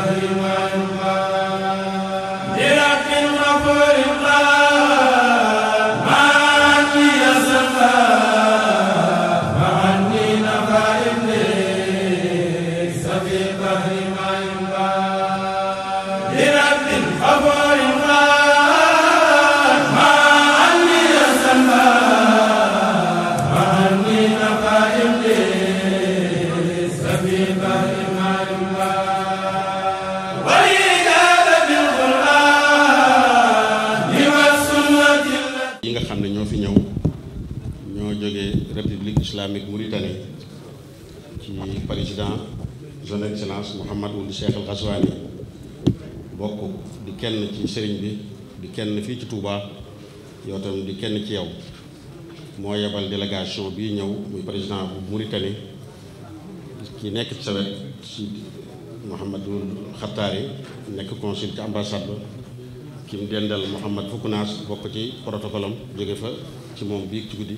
yaa xam ñoo fi ñëw ñoo jógee république islamique Mauritanie ci président son excellence Mouhamad Ould Cheikh Al bokk di kenn ci sëriñ bi di kenn fii ci Touba yow tamit di kenn ci yow moo yebal délégation bii ñëw muy président bu Mauritanie ki nekk ci sa wet si Mouhamadul Xattaari nekk consul ci ambassade ki mu dendal Mouhamad Fukkunaas bokk ci protocole am jóge fa ci moom biig ci guddi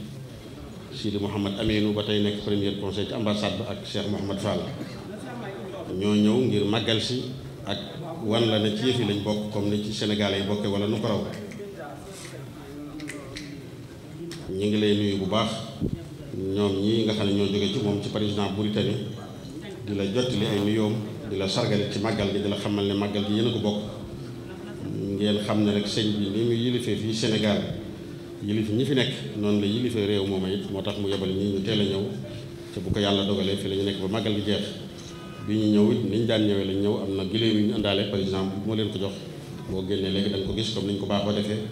Sidi Mouhamad Aminu ba tey nekk premier conseil ci ambassade ba ak Cheikh Mouhamad Fall ñoo ñëw ngir màggal si ak wan la ne ci yëf yi lañ bokk comme ni ci Sénégal yi bokkee wala nu ko raw ñu ngi lay nuyu bu baax ñoom ñii nga xam ne ñoo jóge ci moom ci président Mauritanie di la jottali ay nuyoom di la sargale ci màggal bi di la xamal ne màggal gi yéen a ko bokk ngeen xam na rek sëñ bi ni mu yilifee fii Sénégal yilif ñi fi nekk noonu la yilifee réew moom it moo tax mu yebal ñi ñu teel a ñëw te bu ko yàlla dogalee fi la ñu nekk ba màggal gi jeex bi ñu ñëw it niñ daan ñëwee lañ ñëw am na giléem yu ñu àndaale par exemple moo leen ko jox boo génnee léegi da ko gis comme niñ ko baaxoo defee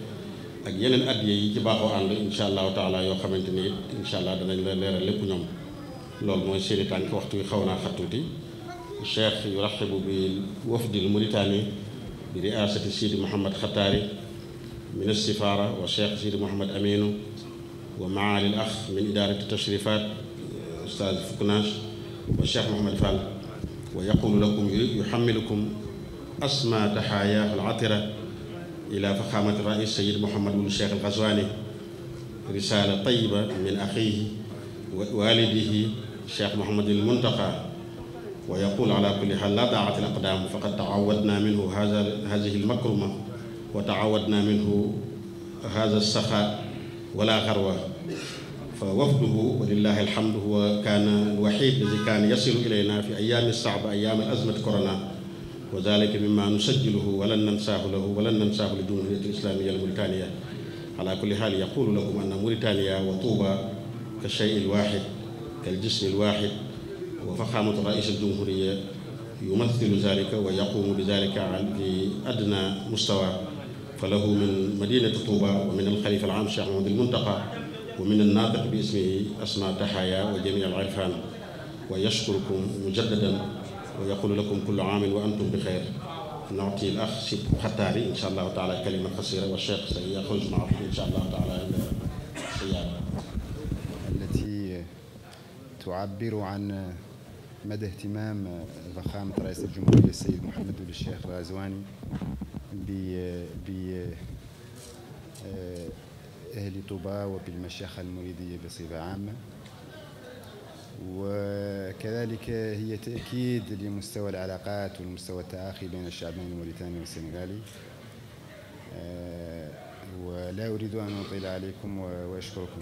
ak yeneen at yi ci baaxoo ànd incha allahu taala yoo xamante ni it incha allah danañ la leeral lépp ñoom loolu mooy seeni tànk waxtu wi xaw naa xattuuti cheikh yuraxibu bi wafdil Mauritanie bi riasati sidi Mouhamed Xataari min assifaara wa cheikh sidi Mouhamed Aminu wa maali al ax min idaarati tashrifat ustaaz Fuknaas wa cheikh Mouhamed Fall wa yaqum lakum yuxammilukum asma taxaayaahu al atira ila faxaamati rais sayid Mouhamed bun cheikh al Xaswaani risaala tayiba min axiihi wa waalidihi cheikh Mouhamed al Muntaqa wa yaqul ala kulli xaal laa daacati al aqdaam faqad taawadna minhu haza hadihi al makruma wa taawadna minhu haza saxa wala xarwa fa wafduhu walillahi alhamdu huwa kaana alwaxid alladi kaana yasilu ilayna fi ayaami saaba ayaami azmati korona wa dalika mima nusajjiluhu walan nansaahu lahu walan nansaahu li jumhuriyati islamiya al mauritania ala kulli xaal yaqulu lakum anna mauritania wa tuuba ka shey al waaxid ka al jismi al waaxid wa faxaamatu rais aljumhuria yumathilu zalika wa yaqumu bi zalika fi adna mustawa fa lahu min madinati tuuba wa min alxalifa al aam cheikh mahmad almuntaqa wa min annaatiq bi ismihi asna taxaya wa jami al irfan wa yashkurukum mujaddadan wa yaqulu lakum kullu aamin wa antum bi xeyr نعطي الأخ سيد خطاري إن شاء الله تعالى كلمة قصيرة والشيخ سيخرج معه إن شاء الله تعالى السيارة التي تعبر عن مدى اهتمام فخامة رئيس الجمهورية السيد محمد ولي الشيخ الغزواني ب أهل طوبى وبالمشيخة المريدية بصفة عامة وكذلك هي تأكيد لمستوى العلاقات والمستوى التآخي بين الشعبين الموريتاني والسنغالي ولا أريد أن أطيل عليكم وأشكركم